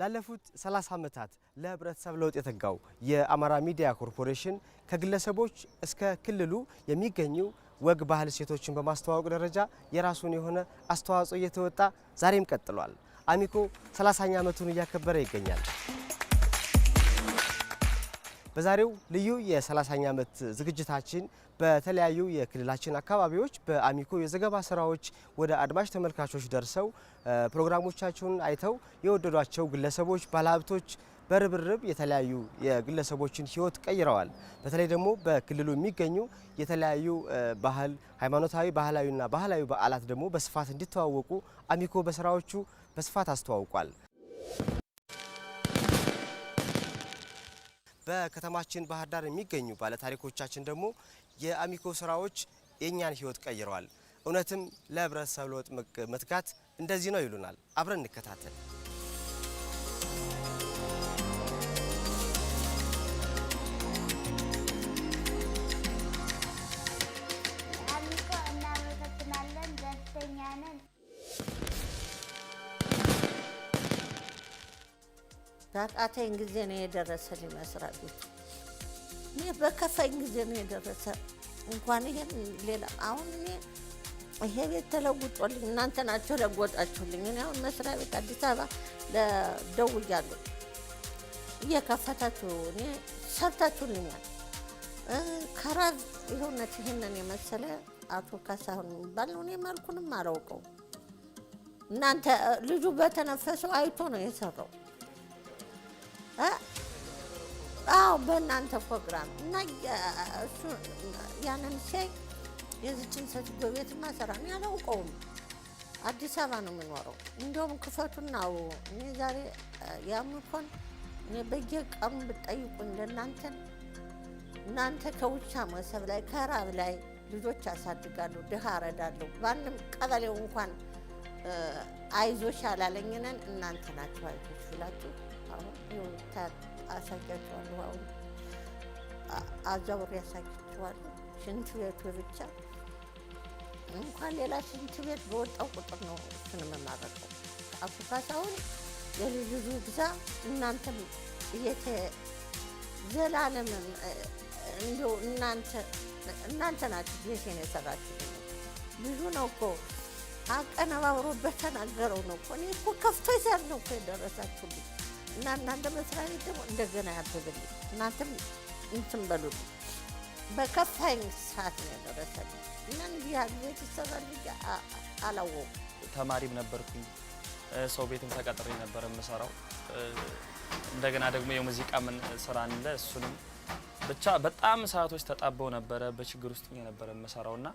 ላለፉት 30 ዓመታት ለህብረተሰብ ለውጥ የተጋው የአማራ ሚዲያ ኮርፖሬሽን ከግለሰቦች እስከ ክልሉ የሚገኙ ወግ ባህል ሴቶችን በማስተዋወቅ ደረጃ የራሱን የሆነ አስተዋጽኦ እየተወጣ ዛሬም ቀጥሏል። አሚኮ 30ኛ ዓመቱን እያከበረ ይገኛል። በዛሬው ልዩ የ 30 ዓመት ዝግጅታችን በተለያዩ የክልላችን አካባቢዎች በአሚኮ የዘገባ ስራዎች ወደ አድማጭ ተመልካቾች ደርሰው ፕሮግራሞቻቸውን አይተው የወደዷቸው ግለሰቦች፣ ባለሀብቶች በርብርብ የተለያዩ የግለሰቦችን ህይወት ቀይረዋል። በተለይ ደግሞ በክልሉ የሚገኙ የተለያዩ ባህል ሃይማኖታዊ፣ ባህላዊና ባህላዊ በዓላት ደግሞ በስፋት እንዲተዋወቁ አሚኮ በስራዎቹ በስፋት አስተዋውቋል። በከተማችን ባህር ዳር የሚገኙ ባለታሪኮቻችን ደግሞ የአሚኮ ስራዎች የእኛን ህይወት ቀይረዋል፣ እውነትም ለህብረተሰብ ለውጥ መትጋት እንደዚህ ነው ይሉናል። አብረን እንከታተል። በአቃተኝ ጊዜ ነው የደረሰልኝ መስሪያ ቤቱ። እኔ በከፋኝ ጊዜ ነው የደረሰ። እንኳን ይሄን ሌላ አሁን እኔ ይሄ ቤት ተለውጦልኝ እናንተ ናቸው ለጎጣችሁልኝ። እኔ አሁን መስሪያ ቤት አዲስ አበባ ለደውያሉ እየከፈታችሁ እኔ ሰርታችሁልኛል። ከራዝ የሆነት ይህንን የመሰለ አቶ ካሳሁን የሚባል ነው። እኔ መልኩንም አላውቀው። እናንተ ልጁ በተነፈሰው አይቶ ነው የሰራው። አዎ በእናንተ ፕሮግራም እና እሱ ያንን ሲያይ የዚችን ሴት ጎቤት እና ሰራ አዲስ አበባ ነው የምኖረው። እንደውም ክፈቱና እኔ ዛሬ የአምልኮን እኔ በየቀኑ ብጠይቁኝ ለእናንተን እናንተ ከውቻ መሰብ ላይ ከራብ ላይ ልጆች አሳድጋለሁ፣ ድሃ አረዳለሁ። ማንም ቀበሌው እንኳን አይዞሽ ያላለኝነን እናንተ ናችሁ አይዞሽ ብላችሁ አሳያቸዋለሁ። አዛውሬ አሳያቸዋለሁ። ሽንት ቤቱ ብቻ እንኳን ሌላ ሽንት ቤት በወጣው ቁጥር ነው እሱን የምማረቀው። ግዛ እናንተም እየተ እናንተ ናችሁ ቤቴን የሰራችሁ። ብዙ ነው እኮ አቀነባብሮ በተናገረው ነው እኮ እኔ እኮ ከፍቶ ይዛል ነው እኮ የደረሳችሁልኝ። እና እናንተ መስሪያ ቤት ደግሞ እንደገና ያብብልኝ። እናንተም እንትን በሉ በከፋኝ ሰዓት ነው የደረሰልኝ እና እንዲህ አግዜት ይሰራል አላወቁም። ተማሪም ነበርኩኝ ሰው ቤትም ተቀጥሬ ነበር የምሰራው። እንደገና ደግሞ የሙዚቃ ምን ስራ አለ እሱንም ብቻ በጣም ሰዓቶች ተጣበው ነበረ። በችግር ውስጥ ነበረ የምሰራው እና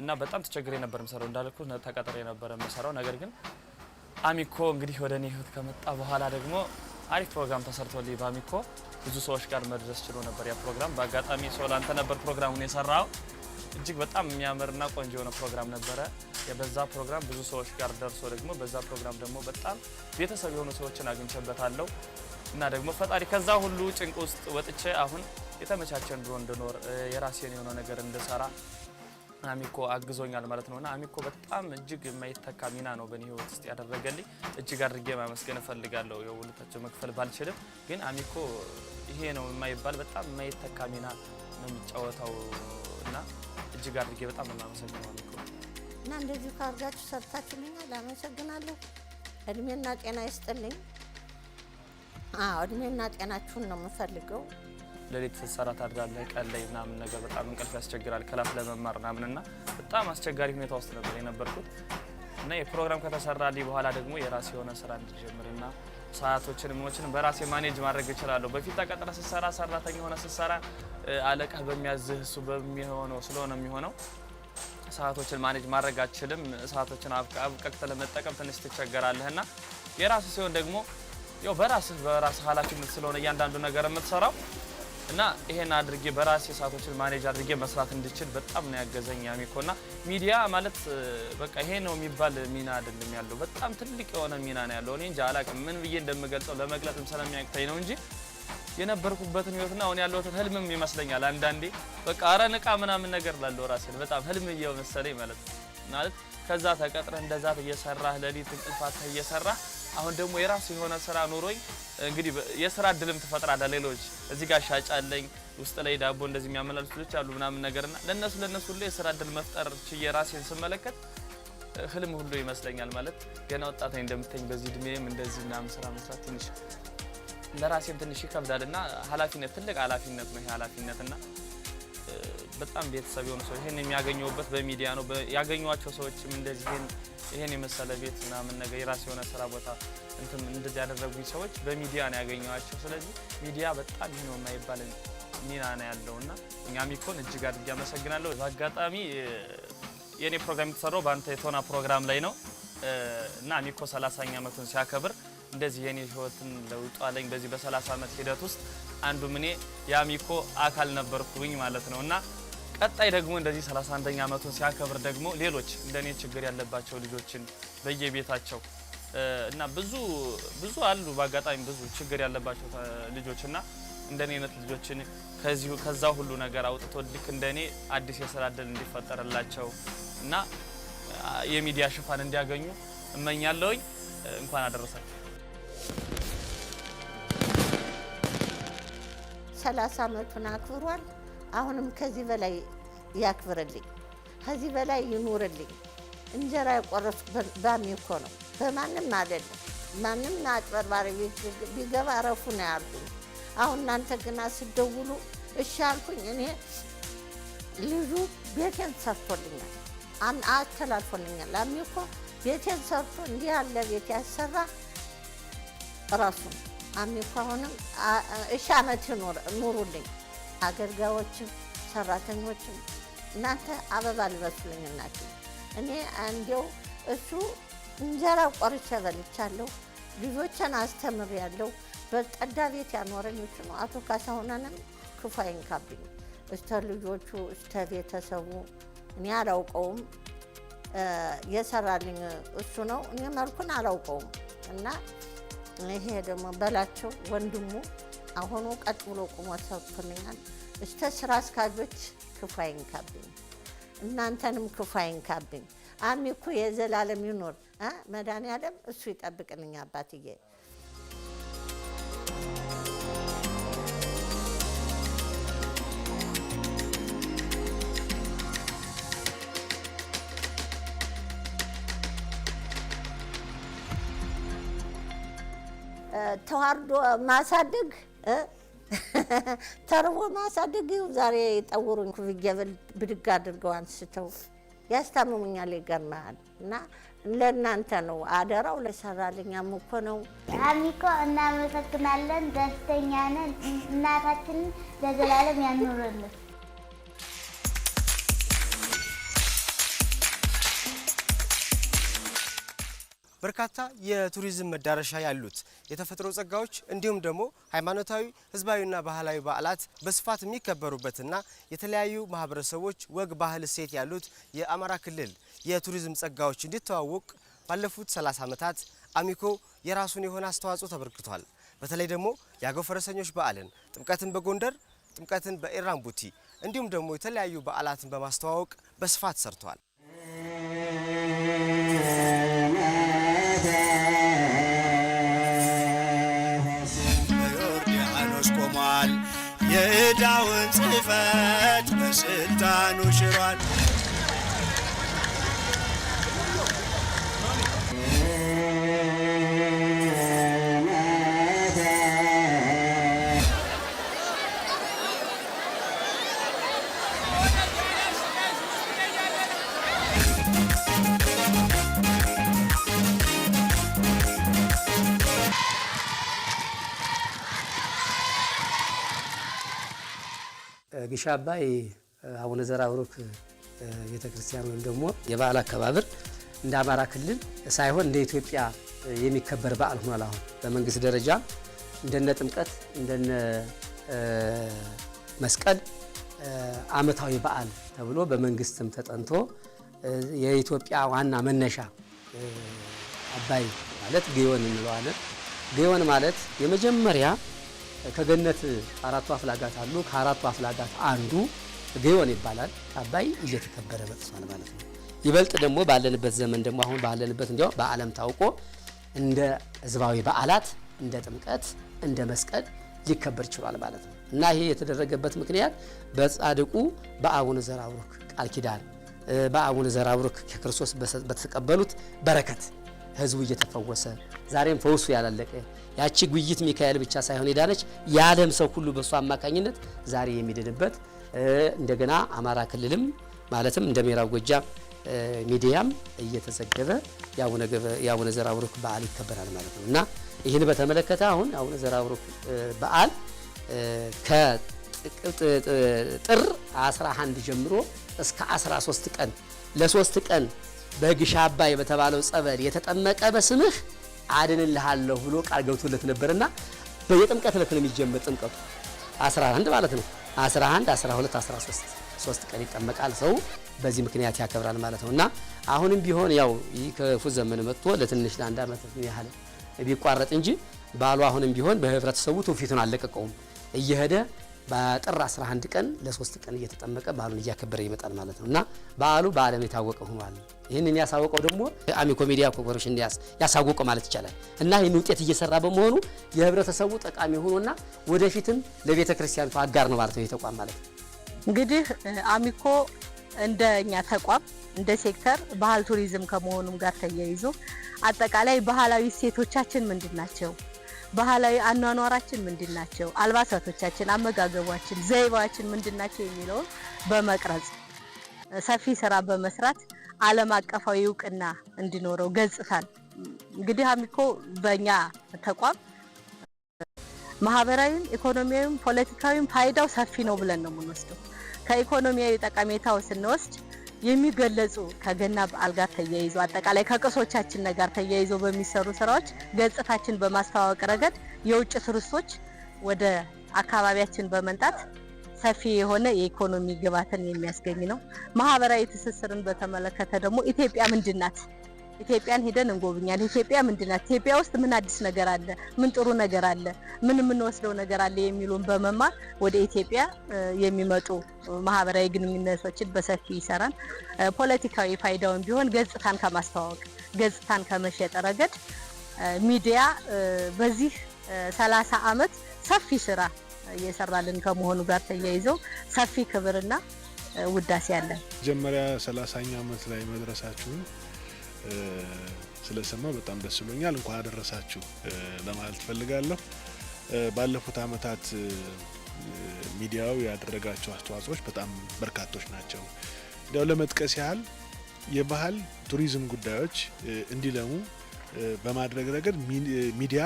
እና በጣም ተቸግሬ ነበር የምሰራው እንዳልኩ ተቀጥሬ ነበር የምሰራው ነገር ግን አሚኮ እንግዲህ ወደ እኔ ህይወት ከመጣ በኋላ ደግሞ አሪፍ ፕሮግራም ተሰርቶልኝ በአሚኮ ብዙ ሰዎች ጋር መድረስ ችሎ ነበር። ያ ፕሮግራም በአጋጣሚ ሰው ላንተ ነበር ፕሮግራሙን የሰራው። እጅግ በጣም የሚያምርና ቆንጆ የሆነ ፕሮግራም ነበረ። በዛ ፕሮግራም ብዙ ሰዎች ጋር ደርሶ ደግሞ በዛ ፕሮግራም ደግሞ በጣም ቤተሰብ የሆኑ ሰዎችን አግኝቼበታለሁ እና ደግሞ ፈጣሪ ከዛ ሁሉ ጭንቅ ውስጥ ወጥቼ አሁን የተመቻቸን ብሎ እንድኖር የራሴን የሆነ ነገር እንድሰራ አሚኮ አግዞኛል ማለት ነውና አሚኮ በጣም እጅግ የማይተካ ሚና ነው በእኔ ህይወት ውስጥ ያደረገልኝ። እጅግ አድርጌ ማመስገን እፈልጋለሁ። የውለታቸው መክፈል ባልችልም ግን አሚኮ ይሄ ነው የማይባል በጣም የማይተካ ሚና ነው የሚጫወተው እና እጅግ አድርጌ በጣም የማመሰግነው አሚኮ እና እንደዚሁ ካርጋችሁ ሰርታችሁልኛል። አመሰግናለሁ። እድሜና ጤና ይስጥልኝ። እድሜና ጤናችሁን ነው የምፈልገው። ሌሊት ስትሰራ ታድራለህ። ቀን ላይ ምናምን ነገር በጣም እንቅልፍ ያስቸግራል። ክላስ ለመማር ምናምን እና በጣም አስቸጋሪ ሁኔታ ውስጥ ነበር የነበርኩት እና የፕሮግራም ከተሰራልኝ በኋላ ደግሞ የራሴ የሆነ ስራ እንድጀምርና ሰዓቶችን ምኖችን በራሴ ማኔጅ ማድረግ እችላለሁ። በፊት ተቀጥረህ ስሰራ ሰራተኛ የሆነ ስሰራ አለቃህ በሚያዝህ እሱ በሚሆነው ስለሆነ የሚሆነው ሰዓቶችን ማኔጅ ማድረግ አችልም። ሰዓቶችን አብቀቅተ ለመጠቀም ትንሽ ትቸገራለህ እና የራስህ ሲሆን ደግሞ ያው በራስህ በራስህ ኃላፊነት ስለሆነ እያንዳንዱ ነገር የምትሰራው እና ይሄን አድርጌ በራሴ ሰዓቶችን ማኔጅ አድርጌ መስራት እንድችል በጣም ነው ያገዘኝ አሚኮ። እና ሚዲያ ማለት በቃ ይሄ ነው የሚባል ሚና አይደለም ያለው፣ በጣም ትልቅ የሆነ ሚና ነው ያለው። እኔ እንጂ አላቅም ምን ብዬ እንደምገልጸው ለመግለጽም ስለሚያቅተኝ ነው እንጂ የነበርኩበትን ህይወትና አሁን ያለሁትን ህልምም ይመስለኛል አንዳንዴ በቃ ኧረ ንቃ ምናምን ነገር ላለው ራሴን በጣም ህልም እየመሰለኝ ማለት ማለት ከዛ ተቀጥረ እንደዛ እየሰራህ ለሊት እንቅልፋት እየሰራህ አሁን ደግሞ የራሱ የሆነ ስራ ኑሮኝ እንግዲህ የስራ እድልም ትፈጥራለህ። ሌሎች እዚህ ጋር ሻጭ አለኝ ውስጥ ላይ ዳቦ እንደዚህ የሚያመላልሱ ልጆች አሉ ምናምን ነገርና ለእነሱ ለእነሱ ሁሉ የስራ እድል መፍጠር ችዬ ራሴን ስመለከት ህልም ሁሉ ይመስለኛል። ማለት ገና ወጣት ነኝ እንደምተኝ በዚህ እድሜም እንደዚህ ምናምን ስራ መስራት ትንሽ ለራሴም ትንሽ ይከብዳል እና ኃላፊነት ትልቅ ኃላፊነት ነው ይሄ ኃላፊነትና በጣም ቤተሰብ የሆኑ ሰዎች ይህን የሚያገኘውበት በሚዲያ ነው። ያገኟቸው ሰዎችም እንደዚህ ይህን የመሰለ ቤት ምናምን ነገር የራስ የሆነ ስራ ቦታ እንትም እንደዚህ ያደረጉኝ ሰዎች በሚዲያ ነው ያገኘዋቸው። ስለዚህ ሚዲያ በጣም ይህ ነው የማይባል ሚና ነው ያለው እና እኛ ሚኮን እጅግ አድርጌ አመሰግናለሁ። በአጋጣሚ የእኔ ፕሮግራም የተሰራው በአንተ የቶና ፕሮግራም ላይ ነው እና ሚኮ ሰላሳኛ ኛ ዓመቱን ሲያከብር እንደዚህ የኔ ህይወትን ለውጧለኝ በዚህ በ30 ዓመት ሂደት ውስጥ አንዱ ምኔ የአሚኮ አካል ነበርኩኝ ማለት ነው እና ቀጣይ ደግሞ እንደዚህ 31ኛ ዓመቱን ሲያከብር ደግሞ ሌሎች እንደኔ ችግር ያለባቸው ልጆችን በየቤታቸው እና ብዙ ብዙ አሉ በአጋጣሚ ብዙ ችግር ያለባቸው ልጆች እና እንደኔ አይነት ልጆችን ከዚሁ ከዛ ሁሉ ነገር አውጥቶ ልክ እንደኔ አዲስ የስራ እድል እንዲፈጠርላቸው እና የሚዲያ ሽፋን እንዲያገኙ እመኛለሁኝ። እንኳን አደረሳቸው። ሰላሳ ዓመቱን አክብሯል። አሁንም ከዚህ በላይ ያክብርልኝ፣ ከዚህ በላይ ይኑርልኝ። እንጀራ የቆረስኩት ባሚ ነው፣ በማንም አይደለም። ማንም አጭበርባሪ ቢገባ እረፉ ነው ያልኩኝ። አሁን እናንተ ግና ስደውሉ እሺ አልኩኝ። እኔ ልዩ ቤቴን ሰርቶልኛል፣ አስተላልፎልኛል። አሚ ቤቴን ሰርቶ እንዲህ ያለ ቤት ያሰራ ራሱ አሚኮ አሁንም እሺ ዓመት ኑሩልኝ። አገልጋዮችም ሰራተኞችም እናንተ አበባ ልበሱልኝ እናቴ። እኔ እንዲው እሱ እንጀራ ቆርቼ በልቻለሁ፣ ልጆችን አስተምሬያለሁ። በጠዳ ቤት ያኖረኝ እሱ ነው። አቶ ካሳሁንንም ክፉ አይንካብኝ። እስተ ልጆቹ እስተ ቤተሰቡ እኔ አላውቀውም። የሰራልኝ እሱ ነው። እኔ መልኩን አላውቀውም እና ይሄ ደግሞ በላቸው ወንድሙ አሁኑ ቀጥ ብሎ ቁሞ ሰብቶልኛል። እስተ ስራ አስካጆች ክፉ አይንካብኝ፣ እናንተንም ክፉ አይንካብኝ። አሚኮ የዘላለም ይኖር መድኃኔዓለም እሱ ይጠብቅልኝ አባትዬ። ተዋርዶ ማሳደግ ተርቦ ማሳደግ ይሁ ዛሬ የጠውሩኝ ኩፍዬ ብድግ አድርገው አንስተው ያስታምሙኛል። ይገርመሃል። እና ለእናንተ ነው አደራው፣ ለሰራልኛ እኮ ነው። አሚኮ እናመሰግናለን። ደስተኛ ነን። እናታችንን ለዘላለም ያኑርልን። በርካታ የቱሪዝም መዳረሻ ያሉት የተፈጥሮ ጸጋዎች እንዲሁም ደግሞ ሃይማኖታዊ፣ ህዝባዊና ባህላዊ በዓላት በስፋት የሚከበሩበትና የተለያዩ ማህበረሰቦች ወግ፣ ባህል፣ እሴት ያሉት የአማራ ክልል የቱሪዝም ጸጋዎች እንዲተዋወቅ ባለፉት 30 ዓመታት አሚኮ የራሱን የሆነ አስተዋጽኦ ተበርክቷል። በተለይ ደግሞ የአገው ፈረሰኞች በዓልን፣ ጥምቀትን በጎንደር ጥምቀትን በኢራምቡቲ እንዲሁም ደግሞ የተለያዩ በዓላትን በማስተዋወቅ በስፋት ሰርቷል። የዕዳውን ጽሕፈት በሥልጣኑ ሽሯል። ግሻ አባይ አቡነ ዘራ ቤተክርስቲያን ወይም ደግሞ የበዓል አከባበር እንደ አማራ ክልል ሳይሆን እንደ ኢትዮጵያ የሚከበር በዓል ሆኗል። አሁን በመንግስት ደረጃ እንደነ ጥምቀት እንደነ መስቀል አመታዊ በዓል ተብሎ በመንግስትም ተጠንቶ የኢትዮጵያ ዋና መነሻ አባይ ማለት ግዮን እንለዋለን። ግዮን ማለት የመጀመሪያ ከገነት አራቱ አፍላጋት አሉ። ከአራቱ አፍላጋት አንዱ ግዮን ይባላል። አባይ እየተከበረ መጥቷል ማለት ነው። ይበልጥ ደግሞ ባለንበት ዘመን ደግሞ አሁን ባለንበት እንዲያው በዓለም ታውቆ እንደ ህዝባዊ በዓላት እንደ ጥምቀት፣ እንደ መስቀል ሊከበር ችሏል ማለት ነው እና ይሄ የተደረገበት ምክንያት በጻድቁ በአቡነ ዘራብሩክ ቃል ኪዳን በአቡነ ዘራብሩክ ከክርስቶስ በተቀበሉት በረከት ህዝቡ እየተፈወሰ ዛሬም ፈውሱ ያላለቀ ያቺ ጉይት ሚካኤል ብቻ ሳይሆን የዳነች የዓለም ሰው ሁሉ በእሱ አማካኝነት ዛሬ የሚድንበት እንደገና አማራ ክልልም ማለትም እንደ ምዕራብ ጎጃም ሚዲያም እየተዘገበ የአቡነ ዘር ቡሩክ በዓል ይከበራል ማለት ነው እና ይህን በተመለከተ አሁን የአቡነ ዘር ቡሩክ በዓል ከጥር 11 ጀምሮ እስከ 13 ቀን ለሶስት ቀን በግሻ አባይ በተባለው ጸበል የተጠመቀ በስምህ አድንልሃለሁ ብሎ ቃል ገብቶለት ነበርና በየጥምቀት ዕለት ነው የሚጀመር ጥምቀቱ 11 ማለት ነው። 11፣ 12፣ 13 ሶስት ቀን ይጠመቃል ሰው በዚህ ምክንያት ያከብራል ማለት ነው እና አሁንም ቢሆን ያው ይህ ክፉ ዘመን መጥቶ ለትንሽ ለአንድ ዓመት ያህል ቢቋረጥ እንጂ ባሉ አሁንም ቢሆን በህብረተሰቡ ትውፊቱን አለቀቀውም እየሄደ በጥር 11 ቀን ለሶስት ቀን እየተጠመቀ በዓሉን እያከበረ ይመጣል ማለት ነው እና በዓሉ በዓለም የታወቀ ሆኗል። ይህንን ያሳወቀው ደግሞ አሚኮ ሚዲያ ኮርፖሬሽን ያሳወቀ ማለት ይቻላል እና ይህን ውጤት እየሰራ በመሆኑ የህብረተሰቡ ጠቃሚ ሆኖና ወደፊትም ለቤተ ክርስቲያኑ አጋር ነው ማለት ነው የተቋም ማለት ነው። እንግዲህ አሚኮ እንደ እኛ ተቋም እንደ ሴክተር ባህል ቱሪዝም ከመሆኑም ጋር ተያይዞ አጠቃላይ ባህላዊ እሴቶቻችን ምንድን ናቸው ባህላዊ አኗኗራችን ምንድን ናቸው፣ አልባሳቶቻችን፣ አመጋገቧችን፣ ዘይባችን ምንድን ናቸው የሚለውን በመቅረጽ ሰፊ ስራ በመስራት ዓለም አቀፋዊ እውቅና እንዲኖረው ገጽታል። እንግዲህ አሚኮ በእኛ ተቋም ማህበራዊም ኢኮኖሚያዊም ፖለቲካዊም ፋይዳው ሰፊ ነው ብለን ነው የምንወስደው። ከኢኮኖሚያዊ ጠቀሜታው ስንወስድ የሚገለጹ ከገና በዓል ጋር ተያይዞ አጠቃላይ ከቅርሶቻችን ጋር ተያይዞ በሚሰሩ ስራዎች ገጽታችን በማስተዋወቅ ረገድ የውጭ ቱሪስቶች ወደ አካባቢያችን በመምጣት ሰፊ የሆነ የኢኮኖሚ ግባትን የሚያስገኝ ነው። ማህበራዊ ትስስርን በተመለከተ ደግሞ ኢትዮጵያ ምንድን ናት? ኢትዮጵያን ሄደን እንጎብኛለን። ኢትዮጵያ ምንድናት? ኢትዮጵያ ውስጥ ምን አዲስ ነገር አለ? ምን ጥሩ ነገር አለ? ምን የምንወስደው ነገር አለ? የሚሉን በመማር ወደ ኢትዮጵያ የሚመጡ ማህበራዊ ግንኙነቶችን በሰፊ ይሰራል። ፖለቲካዊ ፋይዳውን ቢሆን ገጽታን ከማስተዋወቅ ገጽታን ከመሸጥ ረገድ ሚዲያ በዚህ 30 አመት ሰፊ ስራ እየሰራልን ከመሆኑ ጋር ተያይዘው ሰፊ ክብርና ውዳሴ አለን። መጀመሪያ 30ኛ ላይ መድረሳችሁን ስለሰማው በጣም ደስ ብሎኛል። እንኳን አደረሳችሁ ለማለት ትፈልጋለሁ። ባለፉት አመታት ሚዲያው ያደረጋቸው አስተዋጽኦዎች በጣም በርካቶች ናቸው። እንዲያው ለመጥቀስ ያህል የባህል ቱሪዝም ጉዳዮች እንዲለሙ በማድረግ ረገድ ሚዲያ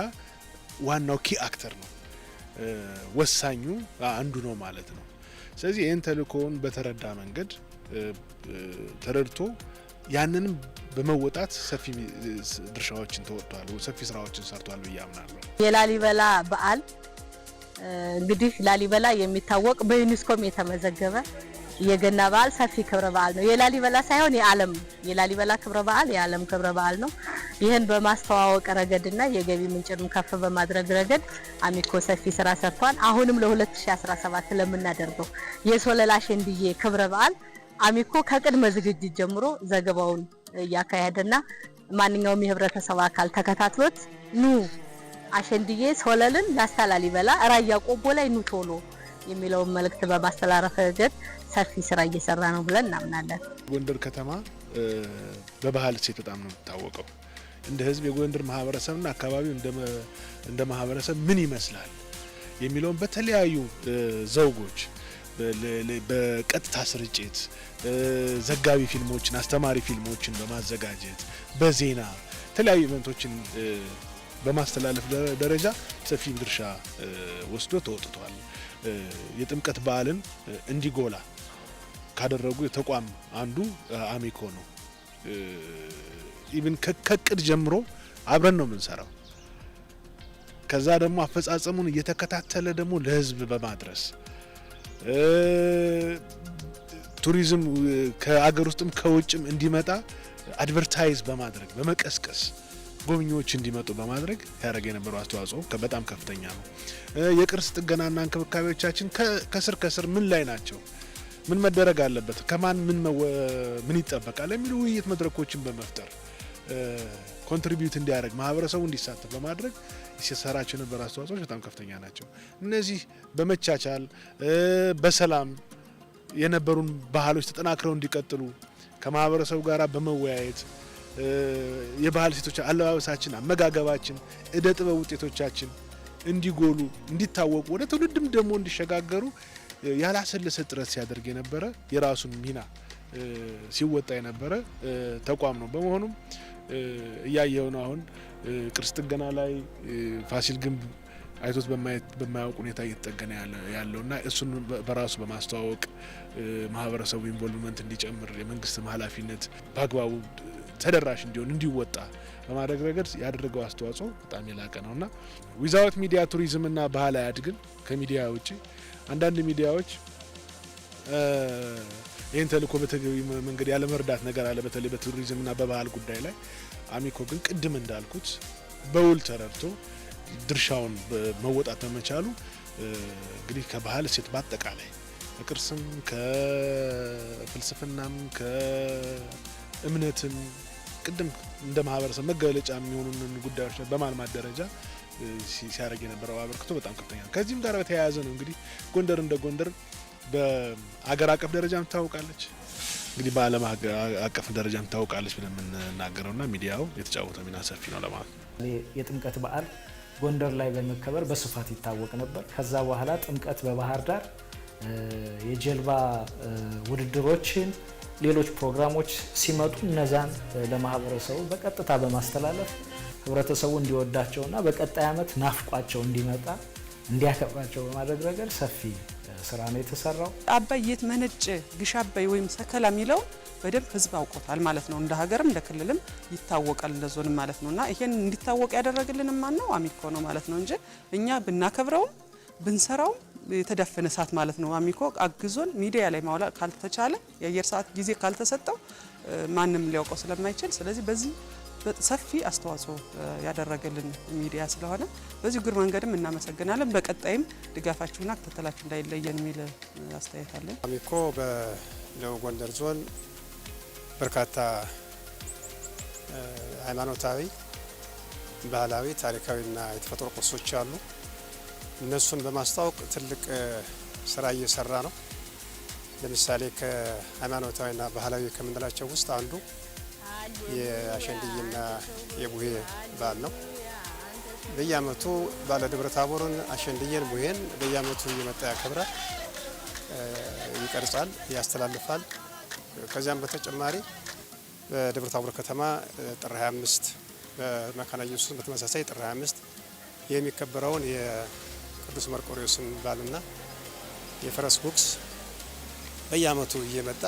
ዋናው ኪ አክተር ነው፣ ወሳኙ አንዱ ነው ማለት ነው። ስለዚህ ይህን ተልእኮውን በተረዳ መንገድ ተረድቶ ያንንም በመወጣት ሰፊ ድርሻዎችን ተወጥቷል፣ ሰፊ ስራዎችን ሰርቷል ብዬ አምናለሁ። የላሊበላ በዓል እንግዲህ ላሊበላ የሚታወቅ በዩኒስኮም የተመዘገበ የገና በዓል ሰፊ ክብረ በዓል ነው። የላሊበላ ሳይሆን የዓለም የላሊበላ ክብረ በዓል የዓለም ክብረ በዓል ነው። ይህን በማስተዋወቅ ረገድና የገቢ ምንጭንም ከፍ በማድረግ ረገድ አሚኮ ሰፊ ስራ ሰርቷል። አሁንም ለ2017 ለምናደርገው የሶለላ ሸንድዬ ክብረ በዓል አሚኮ ከቅድመ ዝግጅት ጀምሮ ዘገባውን እያካሄደና ማንኛውም የህብረተሰብ አካል ተከታትሎት ኑ አሸንድዬ፣ ሶለልን፣ ላስታ ላሊበላ፣ ራያ ቆቦ ላይ ኑ ቶሎ የሚለውን መልእክት በማስተላለፍ ረገድ ሰፊ ስራ እየሰራ ነው ብለን እናምናለን። ጎንደር ከተማ በባህል እሴት በጣም ነው የምታወቀው። እንደ ህዝብ የጎንደር ማህበረሰብና አካባቢው እንደ ማህበረሰብ ምን ይመስላል የሚለውን በተለያዩ ዘውጎች በቀጥታ ስርጭት ዘጋቢ ፊልሞችን፣ አስተማሪ ፊልሞችን በማዘጋጀት በዜና የተለያዩ ኢቨንቶችን በማስተላለፍ ደረጃ ሰፊ ድርሻ ወስዶ ተወጥቷል። የጥምቀት በዓልን እንዲጎላ ካደረጉ ተቋም አንዱ አሚኮ ነው። ኢቭን ከቅድ ጀምሮ አብረን ነው የምንሰራው። ከዛ ደግሞ አፈጻጸሙን እየተከታተለ ደግሞ ለህዝብ በማድረስ ቱሪዝም ከአገር ውስጥም ከውጭም እንዲመጣ አድቨርታይዝ በማድረግ በመቀስቀስ ጎብኚዎች እንዲመጡ በማድረግ ያደረገ የነበረው አስተዋጽኦ በጣም ከፍተኛ ነው። የቅርስ ጥገናና እንክብካቤዎቻችን ከስር ከስር ምን ላይ ናቸው? ምን መደረግ አለበት? ከማን ምን ይጠበቃል? የሚሉ ውይይት መድረኮችን በመፍጠር ኮንትሪቢዩት እንዲያደርግ ማህበረሰቡ እንዲሳተፍ በማድረግ ሲሰራቸው የነበረ አስተዋጽኦች በጣም ከፍተኛ ናቸው። እነዚህ በመቻቻል በሰላም የነበሩን ባህሎች ተጠናክረው እንዲቀጥሉ ከማህበረሰቡ ጋር በመወያየት የባህል ሴቶች አለባበሳችን፣ አመጋገባችን፣ እደ ጥበብ ውጤቶቻችን እንዲጎሉ እንዲታወቁ ወደ ትውልድም ደግሞ እንዲሸጋገሩ ያላሰለሰ ጥረት ሲያደርግ የነበረ የራሱን ሚና ሲወጣ የነበረ ተቋም ነው። በመሆኑም እያየው ነው አሁን ቅርስ ጥገና ላይ ፋሲል ግንብ አይቶት በማያውቅ ሁኔታ እየተጠገነ እና እሱን በራሱ በማስተዋወቅ ማህበረሰቡ ኢንቮልቭመንት እንዲጨምር የመንግስትም ኃላፊነት በአግባቡ ተደራሽ እንዲሆን እንዲወጣ በማድረግ ረገድ ያደረገው አስተዋጽኦ በጣም የላቀ ነውና ዊዛውት ሚዲያ ቱሪዝምና ባህል አያድግም። ከሚዲያ ውጭ አንዳንድ ሚዲያዎች ይህን ተልእኮ በተገቢ መንገድ ያለመርዳት ነገር አለ። በተለይ በቱሪዝምና በባህል ጉዳይ ላይ አሚኮ ግን ቅድም እንዳልኩት በውል ተረድቶ ድርሻውን መወጣት በመቻሉ እንግዲህ ከባህል እሴት በአጠቃላይ ከቅርስም ከፍልስፍናም ከእምነትም ቅድም እንደ ማህበረሰብ መገለጫ የሚሆኑን ጉዳዮች በማልማት ደረጃ ሲያደርግ የነበረው አበርክቶ በጣም ከፍተኛ ነው። ከዚህም ጋር በተያያዘ ነው እንግዲህ ጎንደር እንደ ጎንደር በአገር አቀፍ ደረጃም ትታወቃለች። እንግዲህ በዓለም አቀፍ ደረጃም ታውቃለች ብለን የምንናገረው ና ሚዲያው የተጫወተ ሚና ሰፊ ነው ለማለት ነው። የጥምቀት በዓል ጎንደር ላይ በመከበር በስፋት ይታወቅ ነበር። ከዛ በኋላ ጥምቀት በባህር ዳር የጀልባ ውድድሮችን፣ ሌሎች ፕሮግራሞች ሲመጡ እነዛን ለማህበረሰቡ በቀጥታ በማስተላለፍ ህብረተሰቡ እንዲወዳቸው ና በቀጣይ ዓመት ናፍቋቸው እንዲመጣ እንዲያከብራቸው በማድረግ ረገድ ሰፊ ስራ ነው የተሰራው። አባይ የት መነጨ ግሽ አባይ ወይም ሰከላ የሚለው በደንብ ህዝብ አውቆታል ማለት ነው። እንደ ሀገርም እንደ ክልልም ይታወቃል፣ ለዞንም ማለት ነው እና ይሄን እንዲታወቅ ያደረግልን ማን ነው? አሚኮ ነው ማለት ነው እንጂ እኛ ብናከብረውም ብንሰራውም የተደፈነ ሰዓት ማለት ነው። አሚኮ አግዞን ሚዲያ ላይ ማውላ ካልተቻለ የአየር ሰዓት ጊዜ ካልተሰጠው ማንም ሊያውቀው ስለማይችል ስለዚህ በዚህ ሰፊ አስተዋጽኦ ያደረገልን ሚዲያ ስለሆነ በዚህ እግር መንገድም እናመሰግናለን። በቀጣይም ድጋፋችሁና ክትትላችሁ እንዳይለየን የሚል አስተያየት አለን። አሚኮ በደቡብ ጎንደር ዞን በርካታ ሃይማኖታዊ፣ ባህላዊ፣ ታሪካዊና የተፈጥሮ ቅርሶች አሉ። እነሱን በማስተዋወቅ ትልቅ ስራ እየሰራ ነው። ለምሳሌ ከሃይማኖታዊና ባህላዊ ከምንላቸው ውስጥ አንዱ የአሸንድይና የቡሄ በዓል ነው። በየአመቱ ባለ ደብረ ታቦርን አሸንድየን፣ ቡሄን በየአመቱ እየመጣ ያከብራል፣ ይቀርጻል፣ ያስተላልፋል። ከዚያም በተጨማሪ በደብረ ታቦር ከተማ ጥር 25 በመካነ ኢየሱስ በተመሳሳይ ጥር 25 የሚከበረውን የቅዱስ መርቆሪዎስን በዓልና የፈረስ ጉግስ በየአመቱ እየመጣ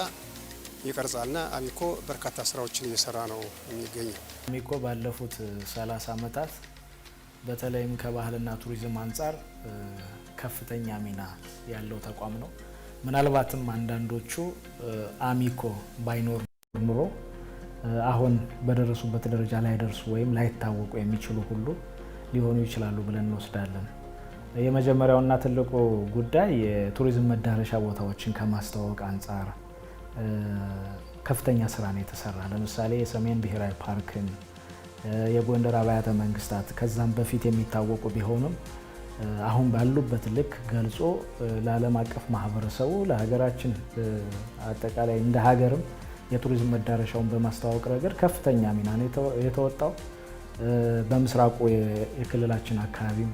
ይቀርጻልና አሚኮ በርካታ ስራዎችን እየሰራ ነው የሚገኘው። አሚኮ ባለፉት 30 ዓመታት በተለይም ከባህልና ቱሪዝም አንጻር ከፍተኛ ሚና ያለው ተቋም ነው። ምናልባትም አንዳንዶቹ አሚኮ ባይኖር ኑሮ አሁን በደረሱበት ደረጃ ላይደርሱ ወይም ላይታወቁ የሚችሉ ሁሉ ሊሆኑ ይችላሉ ብለን እንወስዳለን። የመጀመሪያውና ትልቁ ጉዳይ የቱሪዝም መዳረሻ ቦታዎችን ከማስተዋወቅ አንጻር ከፍተኛ ስራ ነው የተሰራ። ለምሳሌ የሰሜን ብሔራዊ ፓርክን፣ የጎንደር አብያተ መንግስታት ከዛም በፊት የሚታወቁ ቢሆንም አሁን ባሉበት ልክ ገልጾ ለዓለም አቀፍ ማህበረሰቡ ለሀገራችን አጠቃላይ እንደ ሀገርም የቱሪዝም መዳረሻውን በማስተዋወቅ ረገድ ከፍተኛ ሚና ነው የተወጣው። በምስራቁ የክልላችን አካባቢም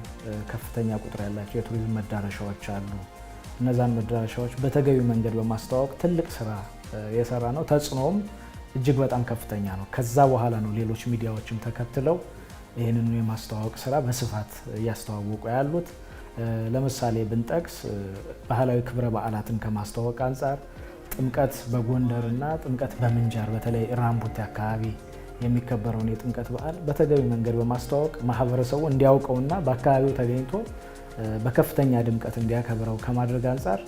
ከፍተኛ ቁጥር ያላቸው የቱሪዝም መዳረሻዎች አሉ። እነዛን መዳረሻዎች በተገቢው መንገድ በማስተዋወቅ ትልቅ ስራ የሰራ ነው። ተጽዕኖውም እጅግ በጣም ከፍተኛ ነው። ከዛ በኋላ ነው ሌሎች ሚዲያዎችም ተከትለው ይህንኑ የማስተዋወቅ ስራ በስፋት እያስተዋወቁ ያሉት። ለምሳሌ ብንጠቅስ ባህላዊ ክብረ በዓላትን ከማስተዋወቅ አንጻር ጥምቀት በጎንደር እና ጥምቀት በምንጃር በተለይ ራምቡቴ አካባቢ የሚከበረውን የጥምቀት በዓል በተገቢ መንገድ በማስተዋወቅ ማህበረሰቡ እንዲያውቀውና በአካባቢው ተገኝቶ በከፍተኛ ድምቀት እንዲያከብረው ከማድረግ አንጻር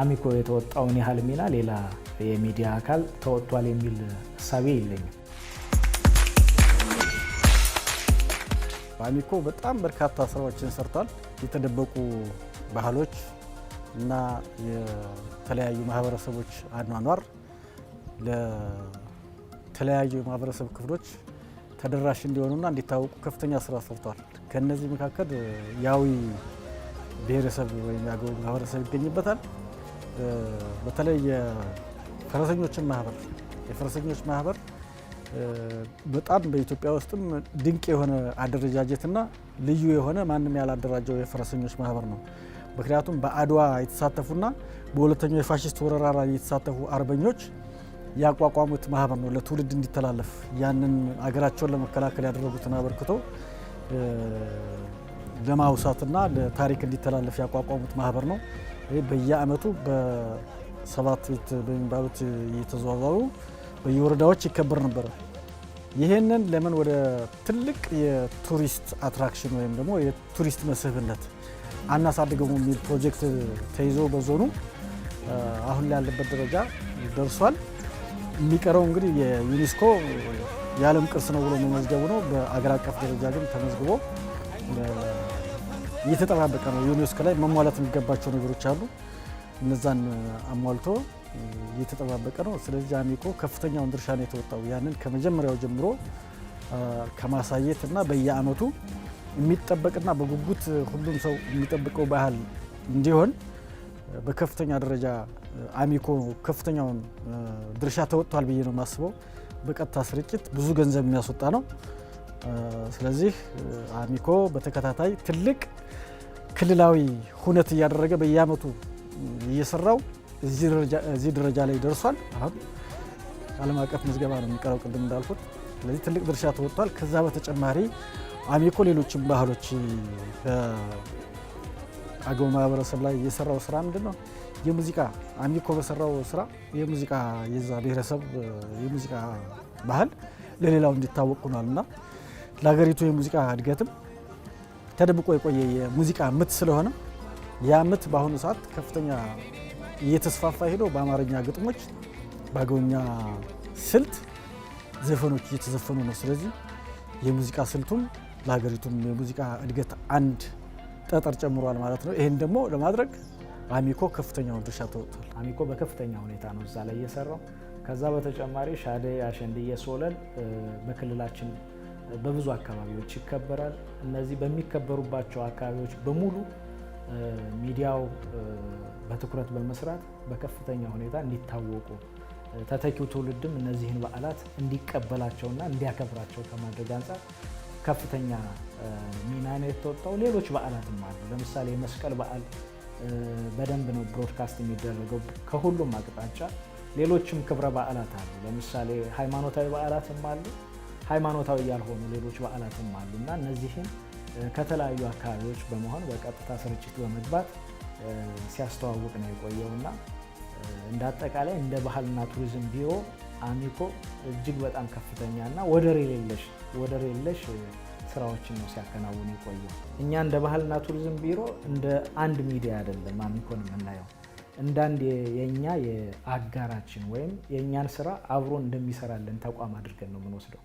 አሚኮ የተወጣውን ያህል ሚና ሌላ የሚዲያ አካል ተወጥቷል የሚል እሳቤ የለኝም። አሚኮ በጣም በርካታ ስራዎችን ሰርቷል። የተደበቁ ባህሎች እና የተለያዩ ማህበረሰቦች አኗኗር ለተለያዩ የማህበረሰብ ክፍሎች ተደራሽ እንዲሆኑና እንዲታወቁ ከፍተኛ ስራ ሰርቷል። ከእነዚህ መካከል ያዊ ብሔረሰብ ወይም የአገው ማህበረሰብ ይገኝበታል። በተለይ የፈረሰኞችን ማህበር የፈረሰኞች ማህበር በጣም በኢትዮጵያ ውስጥም ድንቅ የሆነ አደረጃጀትና ልዩ የሆነ ማንም ያላደራጀው የፈረሰኞች ማህበር ነው። ምክንያቱም በአድዋ የተሳተፉና በሁለተኛው የፋሽስት ወረራ ላይ የተሳተፉ አርበኞች ያቋቋሙት ማህበር ነው። ለትውልድ እንዲተላለፍ ያንን አገራቸውን ለመከላከል ያደረጉትን አበርክቶ ለማውሳትና ለታሪክ እንዲተላለፍ ያቋቋሙት ማህበር ነው። ይህ በየአመቱ በሰባት ቤት በሚባሉት እየተዘዋወሩ በየወረዳዎች ይከበር ነበረ። ይህንን ለምን ወደ ትልቅ የቱሪስት አትራክሽን ወይም ደግሞ የቱሪስት መስህብነት አናሳድገው የሚል ፕሮጀክት ተይዞ በዞኑ አሁን ላይ ያለበት ደረጃ ደርሷል። የሚቀረው እንግዲህ የዩኔስኮ የዓለም ቅርስ ነው ብሎ መመዝገቡ ነው። በአገር አቀፍ ደረጃ ግን ተመዝግቦ እየተጠባበቀ ነው። ዩኔስኮ ላይ መሟላት የሚገባቸው ነገሮች አሉ። እነዛን አሟልቶ እየተጠባበቀ ነው። ስለዚህ አሚኮ ከፍተኛውን ድርሻ ነው የተወጣው። ያንን ከመጀመሪያው ጀምሮ ከማሳየት እና በየአመቱ የሚጠበቅና በጉጉት ሁሉም ሰው የሚጠብቀው ባህል እንዲሆን በከፍተኛ ደረጃ አሚኮ ከፍተኛውን ድርሻ ተወጥቷል ብዬ ነው የማስበው። በቀጥታ ስርጭት ብዙ ገንዘብ የሚያስወጣ ነው። ስለዚህ አሚኮ በተከታታይ ትልቅ ክልላዊ ሁነት እያደረገ በየአመቱ እየሰራው እዚህ ደረጃ ላይ ደርሷል። አሁን ዓለም አቀፍ ምዝገባ ነው የሚቀረው ቅድም እንዳልኩት። ስለዚህ ትልቅ ድርሻ ተወጥቷል። ከዛ በተጨማሪ አሚኮ ሌሎችን ባህሎች በአገው ማህበረሰብ ላይ የሰራው ስራ ምንድን ነው? የሙዚቃ አሚኮ በሰራው ስራ የሙዚቃ የዛ ብሔረሰብ የሙዚቃ ባህል ለሌላው እንዲታወቅ ሆኗል እና ለሀገሪቱ የሙዚቃ እድገትም ተደብቆ የቆየ የሙዚቃ ምት ስለሆነ ያ ምት በአሁኑ ሰዓት ከፍተኛ እየተስፋፋ ሄዶ በአማርኛ ግጥሞች በአገውኛ ስልት ዘፈኖች እየተዘፈኑ ነው። ስለዚህ የሙዚቃ ስልቱም ለሀገሪቱም የሙዚቃ እድገት አንድ ጠጠር ጨምሯል ማለት ነው። ይህን ደግሞ ለማድረግ አሚኮ ከፍተኛውን ድርሻ ተወጥቷል። አሚኮ በከፍተኛ ሁኔታ ነው እዛ ላይ እየሰራው። ከዛ በተጨማሪ ሻደይ፣ አሸንድዬ፣ ሶለል በክልላችን በብዙ አካባቢዎች ይከበራል። እነዚህ በሚከበሩባቸው አካባቢዎች በሙሉ ሚዲያው በትኩረት በመስራት በከፍተኛ ሁኔታ እንዲታወቁ ተተኪው ትውልድም እነዚህን በዓላት እንዲቀበላቸውና እንዲያከብራቸው ከማድረግ አንጻር ከፍተኛ ሚና ነው የተወጣው። ሌሎች በዓላትም አሉ። ለምሳሌ የመስቀል በዓል በደንብ ነው ብሮድካስት የሚደረገው ከሁሉም አቅጣጫ። ሌሎችም ክብረ በዓላት አሉ። ለምሳሌ ሃይማኖታዊ በዓላትም አሉ። ሃይማኖታዊ ያልሆኑ ሌሎች በዓላትም አሉና እነዚህም ከተለያዩ አካባቢዎች በመሆን በቀጥታ ስርጭት በመግባት ሲያስተዋውቅ ነው የቆየውና እንደ አጠቃላይ እንደ ባህልና ቱሪዝም ቢሮ አሚኮ እጅግ በጣም ከፍተኛና ወደር የሌለሽ ወደር ስራዎችን ነው ሲያከናውን የቆየው። እኛ እንደ ባህልና ቱሪዝም ቢሮ እንደ አንድ ሚዲያ አይደለም አሚኮን የምናየው እንዳንድ የእኛ የአጋራችን ወይም የእኛን ስራ አብሮ እንደሚሰራልን ተቋም አድርገን ነው የምንወስደው።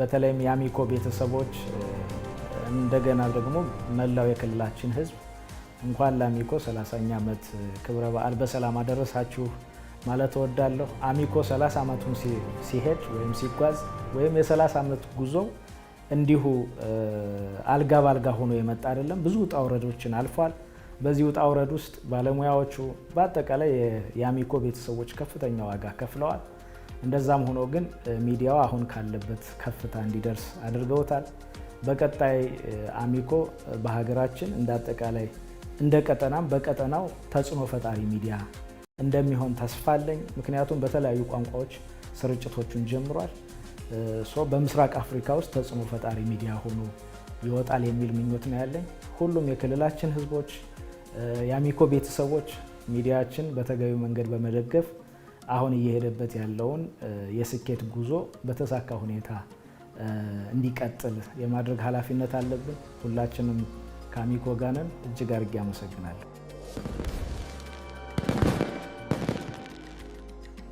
በተለይም የአሚኮ ቤተሰቦች እንደገና ደግሞ መላው የክልላችን ህዝብ እንኳን ለአሚኮ 30ኛ ዓመት ክብረ በዓል በሰላም አደረሳችሁ ማለት እወዳለሁ። አሚኮ 30 ዓመቱን ሲሄድ ወይም ሲጓዝ ወይም የ30 ዓመት ጉዞ እንዲሁ አልጋ ባልጋ ሆኖ የመጣ አይደለም። ብዙ ውጣ ውረዶችን አልፏል። በዚህ ውጣ ውረድ ውስጥ ባለሙያዎቹ፣ በአጠቃላይ የአሚኮ ቤተሰቦች ከፍተኛ ዋጋ ከፍለዋል። እንደዛም ሆኖ ግን ሚዲያው አሁን ካለበት ከፍታ እንዲደርስ አድርገውታል። በቀጣይ አሚኮ በሀገራችን እንደ አጠቃላይ እንደ ቀጠናም በቀጠናው ተጽዕኖ ፈጣሪ ሚዲያ እንደሚሆን ተስፋ አለኝ። ምክንያቱም በተለያዩ ቋንቋዎች ስርጭቶቹን ጀምሯል። በምስራቅ አፍሪካ ውስጥ ተጽዕኖ ፈጣሪ ሚዲያ ሆኖ ይወጣል የሚል ምኞት ነው ያለኝ። ሁሉም የክልላችን ህዝቦች የአሚኮ ቤተሰቦች ሚዲያችን በተገቢ መንገድ በመደገፍ አሁን እየሄደበት ያለውን የስኬት ጉዞ በተሳካ ሁኔታ እንዲቀጥል የማድረግ ኃላፊነት አለብን። ሁላችንም ከአሚኮ ጋር ነን። እጅግ አድርጌ አመሰግናለሁ።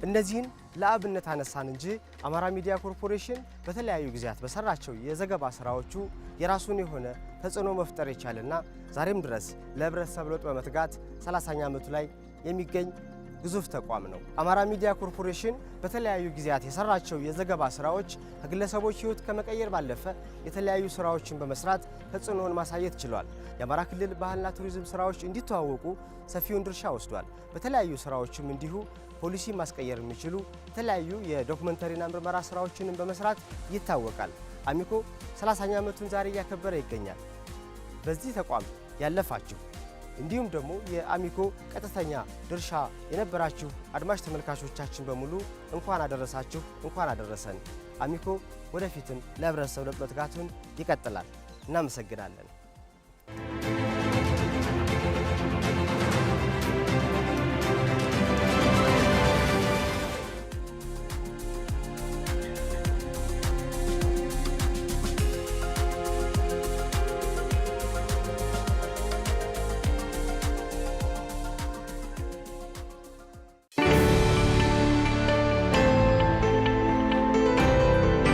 እነዚህን ለአብነት አነሳን እንጂ አማራ ሚዲያ ኮርፖሬሽን በተለያዩ ጊዜያት በሰራቸው የዘገባ ስራዎቹ የራሱን የሆነ ተጽዕኖ መፍጠር የቻለና ዛሬም ድረስ ለህብረተሰብ ለውጥ በመትጋት 30ኛ ዓመቱ ላይ የሚገኝ ግዙፍ ተቋም ነው። አማራ ሚዲያ ኮርፖሬሽን በተለያዩ ጊዜያት የሰራቸው የዘገባ ስራዎች ከግለሰቦች ህይወት ከመቀየር ባለፈ የተለያዩ ስራዎችን በመስራት ተጽዕኖን ማሳየት ችሏል። የአማራ ክልል ባህልና ቱሪዝም ስራዎች እንዲተዋወቁ ሰፊውን ድርሻ ወስዷል። በተለያዩ ስራዎችም እንዲሁ ፖሊሲ ማስቀየር የሚችሉ የተለያዩ የዶክመንተሪና ምርመራ ስራዎችንም በመስራት ይታወቃል። አሚኮ 30ኛ ዓመቱን ዛሬ እያከበረ ይገኛል። በዚህ ተቋም ያለፋችሁ እንዲሁም ደግሞ የአሚኮ ቀጥተኛ ድርሻ የነበራችሁ አድማጭ ተመልካቾቻችን በሙሉ እንኳን አደረሳችሁ፣ እንኳን አደረሰን። አሚኮ ወደፊትም ለህብረተሰብ መትጋቱን ይቀጥላል። እናመሰግናለን።